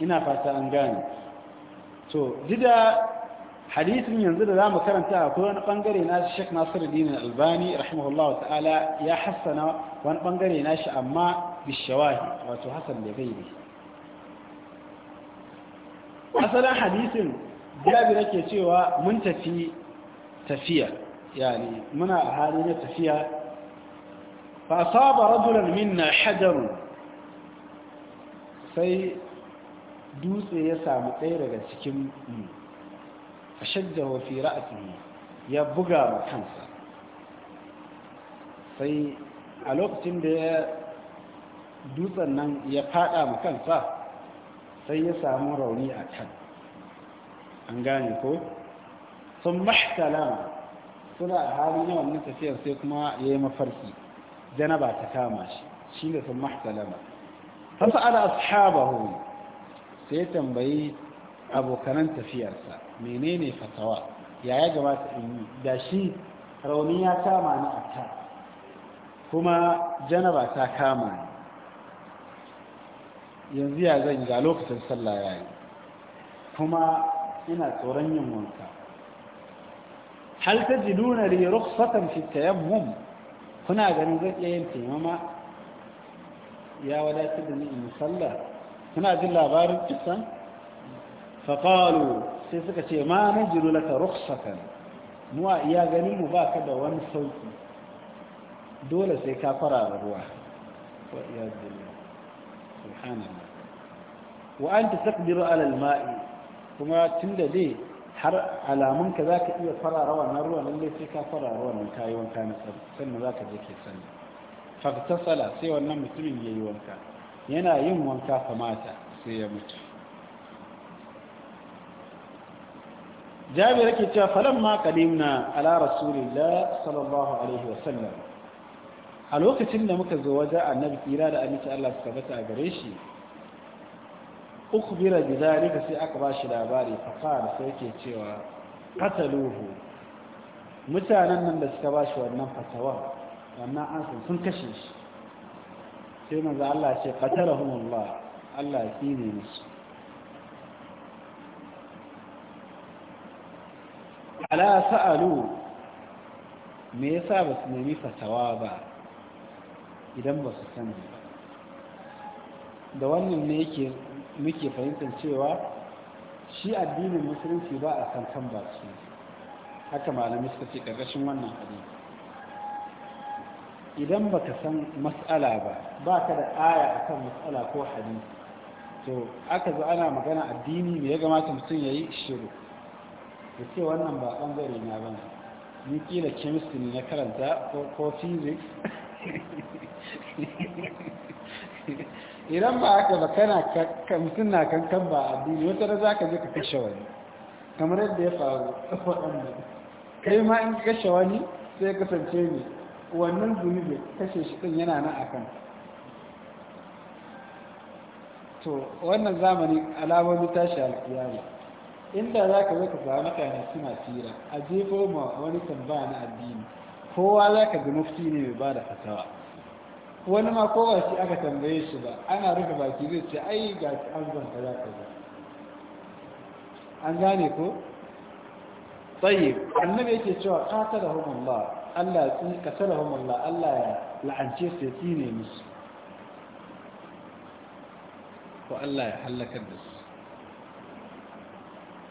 ina fata an gane to dida hadisin yanzu da zamu karanta akwai wani bangare na Sheikh Nasiruddin Albani rahimahullahu ta'ala ya hassana wani bangare na shi amma bishawahi wato hasan da gaibi asalin hadisin jabi nake cewa mun tafi tafiya yani muna a hali na tafiya fa asaba rajulan minna hajarun sai dutse ya samu ɗaya daga cikin mu a shadda wafi ya buga ma kansa sai a lokacin da ya dutsen nan ya fada ma kansa sai ya samu rauni a kan an gane ko sun mahtalama suna a halin yawan na tafiyar sai kuma ya yi mafarki janaba ta kama shi shi ne sun mahtalama fasa ashabar ashabahu sai tambayi abokanan tafiyarsa menene fatawa ya ya gabata yi da shi rauni ya kama ni a ta kuma janaba ta kama ni yanzu ya zan ga lokacin sallah ya yi kuma ina tsoron yin wanka hal ta ji nuna li rukhsatan fi tayammum kuna ganin zan iya yin taimama ya wadatar da ni in sallah kuna jin labarin kisan faƙalu sai suka ce ma na jiru laka rukhsatan mu a iya ganin mu ba ka da wani sauki dole sai ka fara da ruwa wa iya zuru subhanallah wa an ta taqdiru ala al-ma'i kuma tunda dai har za ka zaka iya farara wannan ruwan lalle sai ka farara wannan kayi wanka na sannan ka je ke sannan fa sala sai wannan mutumin yi wanka yana yin wanka famata sai ya mutu jami'ar ke cewa falon falamma na ala rasulillah sallallahu alaihi wasallam a lokacin da muka zo waje annabi kira da amince Allah suka bata a gare shi ukbira bidalika sai aka ba shi labari faqala sai yake cewa Kataluhu. mutanen nan da suka ba shi wannan fatawa wannan asin sun kashe shi sai maza Allah ce ba, Allah ya tsine musu ala sa'alu me yasa ba su nemi fatawa ba idan ba su sani da wannan ne yake muke fahimtar cewa shi addinin musulunci ba a san kan baki haka malamai suka ce ƙarƙashin wannan hadisi idan baka san mas'ala ba baka da aya a kan mas'ala ko hadisi to aka zo ana magana addini me ya gamata mutum yi shiru da ce wannan ba bangare na ne. ni kila chemistry na karanta ko physics idan ba aka ba kana mutum na kankan ba addini wata da za ka je ka kashe wani kamar yadda ya faru waɗanda kai ma in kashe wani sai kasance ne wannan zunubi kashe shi ɗin yana na akan to wannan zamani alamomi tashi alkiyama inda za ka zaka samu mutane suna tsira a jefo ma wani tambaya na addini kowa za ka ga mufti ne mai ba da fatawa wani ma kowa shi aka tambaye shi ba ana rufe baki zai ce ai ga an zanta za ka an gane ko tsaye annabi yake cewa da hukun ba Allah ya tsini ka sarrafa Allah Allah ya la'ance su ya tsine musu ko Allah ya halakar da su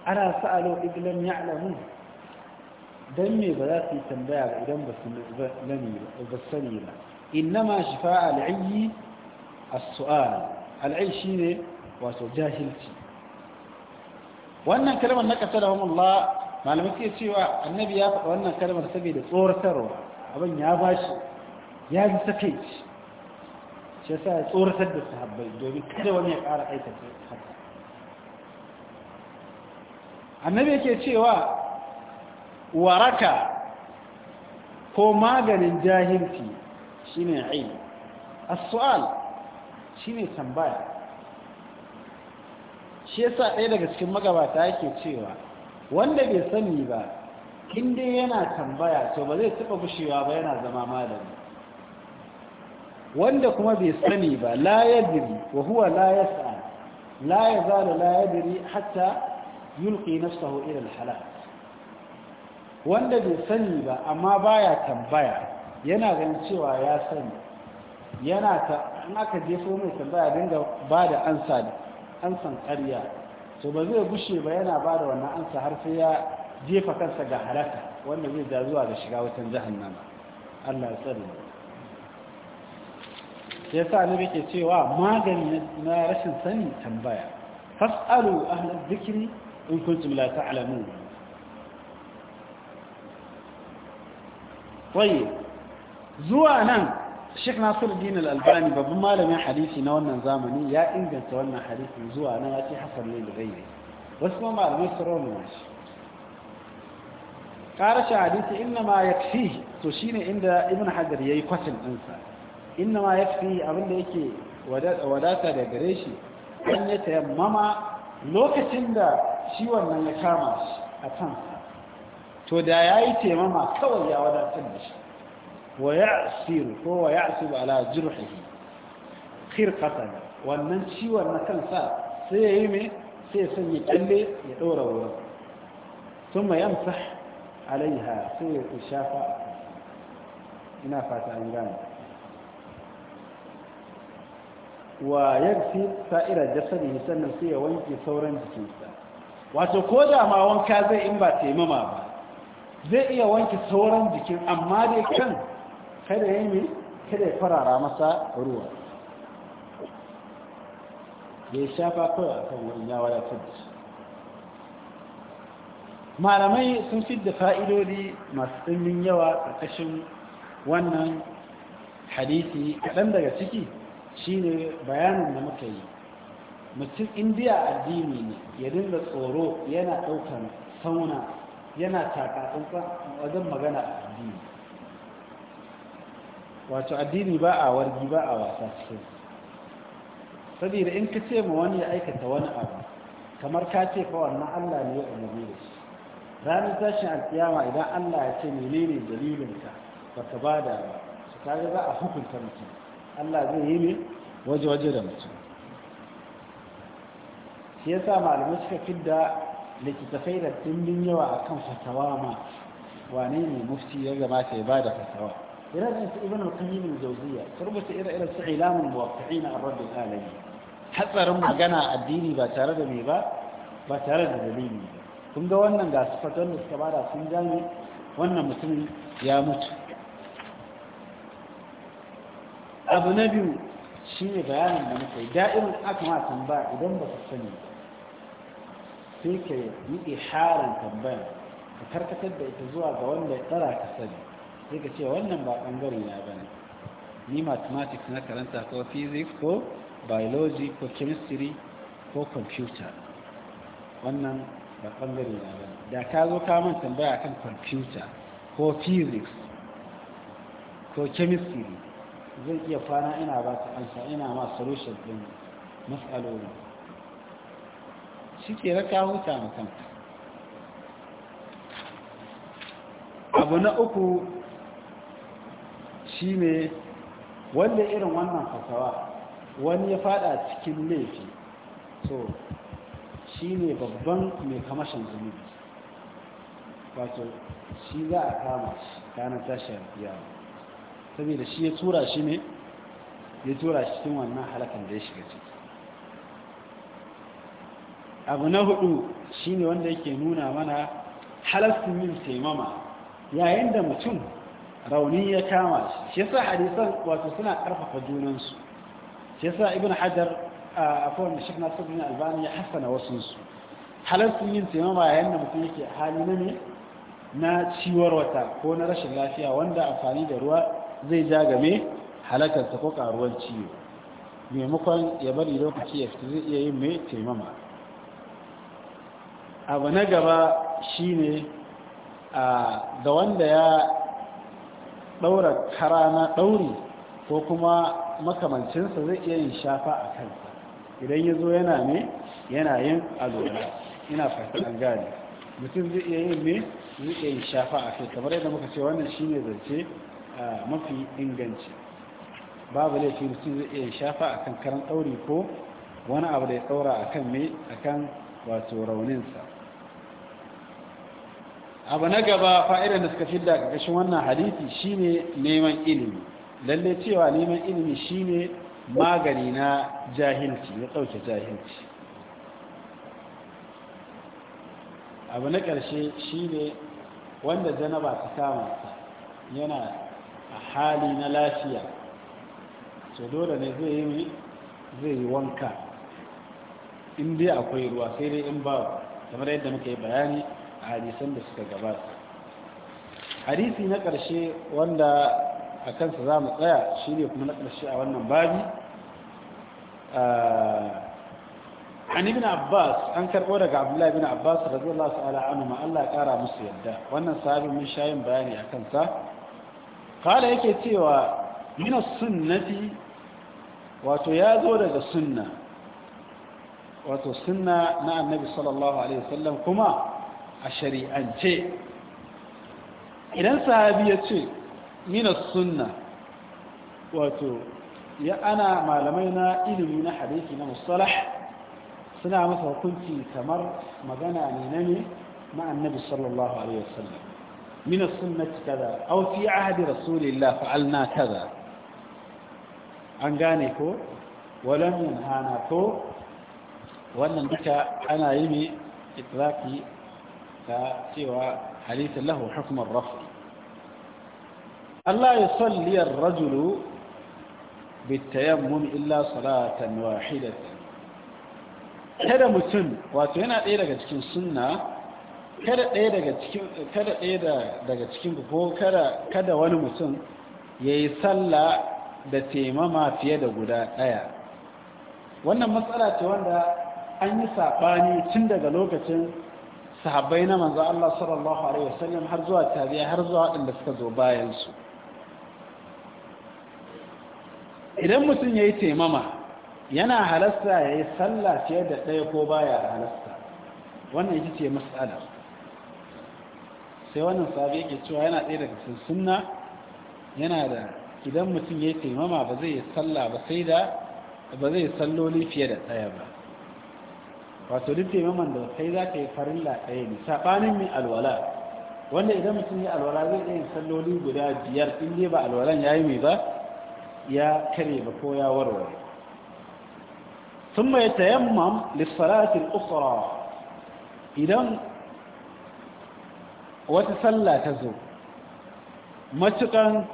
ana sa'alo iglan ya'lamu dan me ba za su yi tambaya ba idan ba su sani ba innama shifa'a al'ayyi as-su'al al'ayyi shine wato jahilci wannan kalmar na da Allah malamai ke cewa annabi ya faɗa wannan kalmar saboda tsoratarwa abin ya bashi ya ji sakaici shi yasa ya tsoratar da sahabbai domin kada wani ya ƙara aikata haka annabi yake cewa waraka ko maganin jahilci shine ilm as-su'al shine tambaya shi yasa ɗaya daga cikin magabata yake cewa wanda bai sani ba in dai yana tambaya to ba zai taba bushewa ba yana zama malami wanda kuma bai sani ba la yadri wa huwa la yas'a la yazalu la yadri hatta yulqi nafsahu ila al-halak wanda bai sani ba amma baya tambaya yana ganin cewa ya sani yana ta an aka jefo mai tambaya dinga bada ansa ansan ƙarya to ba zai gushe ba yana ba da wannan ansa har sai ya jefa kansa ga halaka wanda zai ja zuwa ga shiga wutan jahannama Allah ya tsare ya sa ne yake cewa magani na rashin sani tambaya fas'alu ahli zikri in kuntum la ta'lamun tayyib zuwa nan Sheikh Nasiruddin Al-Albani babban malamin hadisi na wannan zamani ya inganta wannan hadisi zuwa na yace hasan ne da gairi wasu kuma malamai su rawu shi karashi hadisi inna ma yakfi to shine inda Ibn Hajar yi kwatin ɗinsa inna ma abin abinda yake wadata da gare shi an ya tayammama lokacin da shi wannan ya kama shi a kansa to da yayi taimama kawai ya wadatar da shi wa ya'siru ko wa ya'sibu ala jirhihi khirqatan wannan ciwon na kansa sai yayi sai sanya kalle ya dora wurin thumma yamsah alaiha sai ya shafa ina fata an gane wa yarsi sa'ira jasadihi sannan sai ya wanke sauran jikinsa wato ko da ma wanka zai in ba taimama ba zai iya wanke sauran jikin amma dai kan kada ya yi kada ya farara masa ruwa ya shafa kawai a kan wurin ya wadatar da malamai sun fi da fa'idodi masu ɗimbin yawa a wannan hadisi kaɗan daga ciki shine bayanin da muka yi mutum indiya addini ne ya dinga tsoro yana ɗaukar sauna yana takatsantsa wajen magana addini wato addini ba a wargi ba a wasa cikin saboda in ka ce ma wani ya aikata wani abu kamar ka ce fa wannan Allah ne ya umarni da shi ranar tashin alkiyama idan Allah ya ce menene dalilinka baka bada ba su kaga za a hukunta mutum Allah zai yi ne waje-waje da mutum shi yasa malamai suka fidda likitafai da dimbin yawa akan fatawa ma wane ne mufti ya gabata ya bada fatawa إلى أن ابن القيم الجوزية تربط إلى إلى سعلام الموقعين عن رب العالمين حتى رمى جنا الديني بتارد ميبا بتارد دليلي kun ga wannan ga sifatun da suka bada sun gane wannan mutum ya mutu abu na biyu shine ne bayanin da muka yi da'irin aka ma idan ba sani sai ka yi iharin tambaya karkatar da ita zuwa ga wanda ya tsara ka sani sai ka ce wannan ba ɓangaren na ba ne ni mathematics na karanta ko physics ko biology ko chemistry ko computer wannan ba ɓangaren na ba ne. da ka zo kamun tambaya kan computer ko physics ko chemistry zan iya fana ina ba ta ansa ina ma solution din matsaloli shi ke raka huta mutum abu na uku Shi ne wanda irin wannan fasawa wani ya fada cikin laifi so shi ne babban mai kamashin zunubi wato shi za a kama shi ranar tashi saboda shi ya tura shi ne ya tura shi cikin wannan halakan da ya shiga ciki abu na hudu ne wanda yake nuna mana halastin yin taimama yayin da mutum rauni ya kama shi shi yasa hadisan wato suna karfafa junansu shi yasa ibn hajar a kowane shi sabbin albani ya hassana wasu su halarsu yin taimama yayin da mutum yake hali na ne na ciwar wata ko na rashin lafiya wanda amfani da ruwa zai ja game halakarsa ko karuwar ciwo maimakon ya bari lokaci ya fita zai iya yin mai taimama abu na gaba shine da wanda ya ɗaura na ɗauri ko kuma makamancinsa zai iya yin shafa a kansa idan ya zo yana ne yana yin alola ina fasirin gani mutum zai iya yin ne zai iya yin shafa a kai kamar yadda muka ce wannan shi ne zance mafi inganci babu laifi mutum zai iya yin shafa a kan karan ɗauri ko wani abu da ya ɗaura a kan mai a kan wato rauninsa abu na gaba fa’irar da suka fi da ƙarƙashin wannan hadisi shine neman ilimi lalle cewa neman ilimi shine magani na jahilci ya ɗauke jahilci abu na ƙarshe shine wanda janaba ta kama yana a hali na lafiya so dole ne zai yi zai yi wanka in dai akwai ruwa sai dai in ba kamar yadda muka yi bayani hadisan da suka gabata hadisi na ƙarshe wanda a kansa za mu tsaya shi ne kuma na ƙarshe a wannan babi ah, an ibn abbas an karɓo daga abdullahi ibn abbas radiyallahu ta'ala anhu ma Allah ƙara musu yadda wannan sahabin mun sha yin bayani a kansa kala yake cewa min sunnati wato ya zo daga sunna wato sunna na annabi sallallahu alaihi wasallam kuma a shari'ance idan sahabi ya ce mina sunna wato ya ana malamai na ilimi na hadisi na musalah suna masa hukunci kamar magana ne na ne na annabi sallallahu alaihi wasallam mina sunnati kaza aw fi ahdi rasulillah fa'alna kaza an gane ko walam yanhana ko wannan duka ana yi ne itlaqi ta cewa hadisin lahu hukumar rafi Allah ya salliyar rajulu bitayammum illa salatan wahidatan kada mutum wato yana ɗaya daga cikin sunna kada ɗaya daga cikin kada ɗaya daga cikin ko kada kada wani mutum yayi sallah da taimama fiye da guda ɗaya wannan matsala ce wanda an yi saɓani tun daga lokacin sahabbai na manzo Allah sallallahu alaihi wasallam har zuwa tabi'a har zuwa da suka zo bayan su idan mutum yayi taimama yana halasta yayi sallah fiye da ɗaya ko baya halasta wannan ita ce mas'ala sai wannan sahabi yake cewa yana ɗaya daga cikin sunna yana da idan mutum yayi taimama ba zai yi sallah ba sai da ba zai salloli fiye da ɗaya ba wato duk taimaman da kai za ka yi farilla ɗaya ne saɓanin mai alwala wanda idan mutum ya alwala zai ɗaya salloli guda biyar in dai ba alwalan ya yi mai ba ya kare ba ko ya warware sun mai tayammam lissalatin ukura idan wata sallah ta zo matukan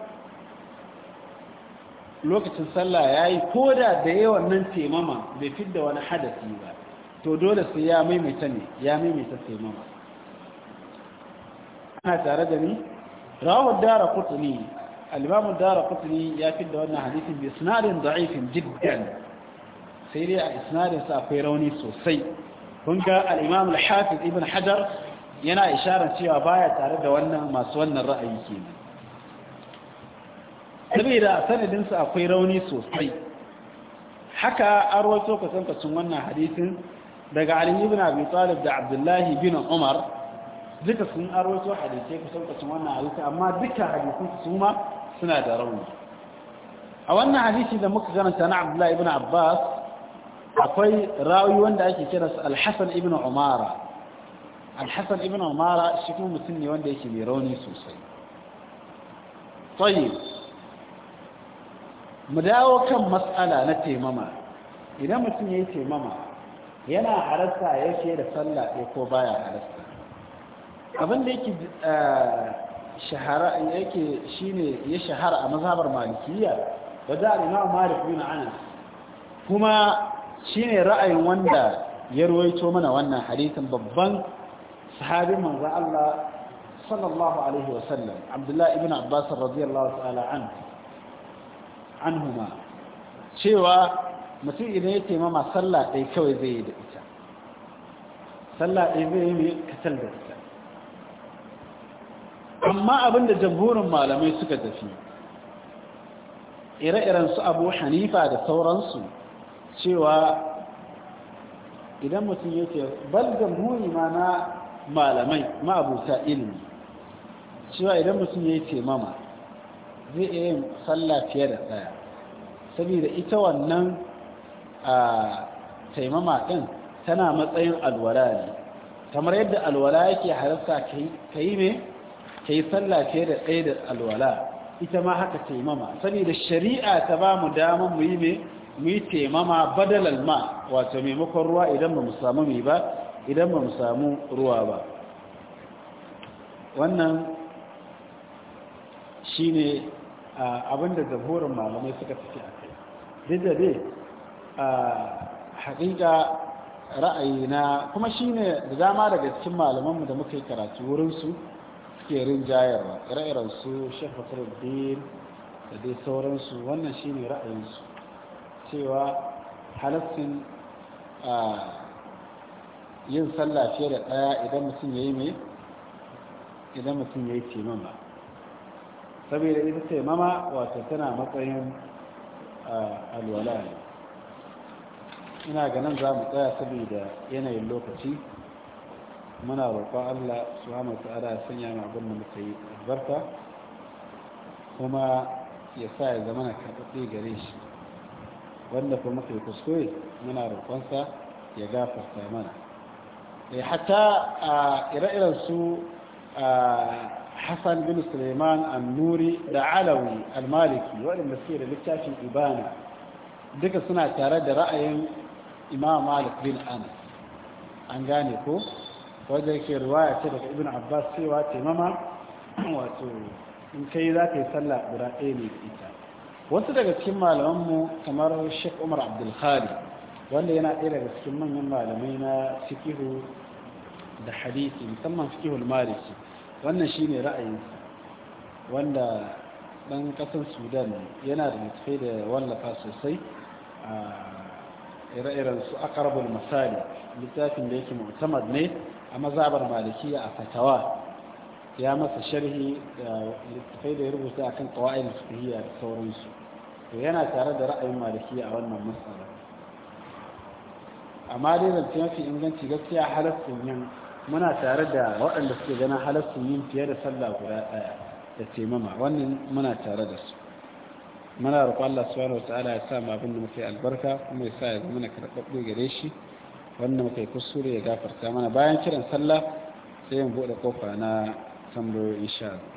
lokacin sallah ya yi ko da da yawan nan taimama bai da wani hadasi ba to dole sai ya maimaita ne ya maimaita sai mama ana tare da ni rawar dara kutuni alimamun dara kutuni ya fi da wannan hadisin bi sinarin da'ifin jiddan sai dai a isnadin sa akwai rauni sosai kun ga al-imam hafiz ibn hajar yana isharar cewa baya tare da wannan masu wannan ra'ayi kenan Sabida sanadin sa akwai rauni sosai haka an rawaito kusan wannan hadisin daga Ali ibn Abi Talib da Abdullahi bin Umar duka sun arwato hadisai ku saukacin wannan hadisi amma duka hadisin su ma suna da rauni a wannan hadisi da muka karanta na Abdullahi ibn Abbas akwai rawi wanda ake kira Al-Hasan ibn Umara al ibn Umara shi kuma mutum ne wanda yake mai rauni sosai tayyib mu dawo kan mas'ala na taimama idan mutum ya yi taimama yana halarta ya shaida da sallah ɗaya ko baya halarta abin da yake eh, shahara yake shine ya shahara a mazhabar malikiyya wajen al'imam malik bin anas kuma shine ra'ayin wanda ya ruwaito mana wannan hadisin babban sahabin manzo Allah sallallahu alaihi wa sallam ibn abbas radiyallahu ta'ala anhu anhuma cewa mutum idan ya taimama sallah ɗaya kawai zai yi da ita sallah ɗaya zai yi mai kasar da ita amma abinda jamhurin malamai suka tafi ire-iren su abu hanifa da sauransu cewa idan mutum ya ce bal jamhuri ma na malamai ma ma'abuta ilimi cewa idan mutum ya ce mama zai iya yin sallah fiye da tsaya saboda ita wannan a taimama ɗin tana matsayin alwala ne kamar yadda alwala yake halarta ka yi mai ka yi sallah fiye da ɗaya da alwala ita ma haka taimama saboda shari'a ta ba mu damar mu yi mai mu yi taimama badalal ma wato maimakon ruwa idan ba mu samu mai ba idan ba mu samu ruwa ba wannan shi ne abinda zaburin malamai suka fi a kai duk da dai Ah, haƙiƙa ra'ayi na kuma shine da dama daga cikin malamanmu da muka yi karatu wurinsu suke rinjayarwa jayarwa iren su shekhu din da dai sauransu wannan shine ra'ayinsu cewa halittun ah, yin sallah fiye da ɗaya idan mutum ya yi mai idan mutum ya yi taimama saboda ita taimama wato tana matsayin ah, alwala ne ina ganin za mu tsaya saboda yanayin lokaci muna roƙon allah su hama ta'ala ya sanya mu abin da muka yi albarka kuma ya sa ya zama na karɓaɓɓe gare shi wanda kuma muka yi kuskure muna roƙonsa ya gafarta mana eh, hatta a ire-iren su hassan bin suleiman annuri da alawi almaliki waɗanda suke da littafin ibana duka suna tare da ra'ayin imam malik bin anas an gane ko wadda yake ruwaya ce daga ibn abbas cewa taimama wato in kai za ka yi sallah guda ɗaya ne ita wasu daga cikin malamanmu kamar shek umar abdulkhari wanda yana ɗaya daga cikin manyan malamai na fikihu da hadisi musamman fikihul maliki wannan shine ra'ayinsa wanda ɗan ƙasar sudan yana da littattafai da wallafa sosai a ire-iren su akarabul misali littafin da yake mu'tamad ne a mazabar maliki a fatawa ya masa sharhi da littafai da ya rubuta kan qawaid fiqhiyya da sauransu to yana tare da ra'ayin maliki a wannan matsalar. amma dai zance mafi inganci gaskiya halaccin yin muna tare da waɗanda suke ganin halaccin yin fiye da sallah guda ɗaya da taimama wannan muna tare da su muna roƙo Allah subhanahu wataala ya sa mu abin da muke albarka kuma ya sa ya zama na karɓaɓɓe gare shi wanda muke kuskure ya gafarta mana bayan kiran sallah sai mu buɗe kofa na tambayoyi insha Allah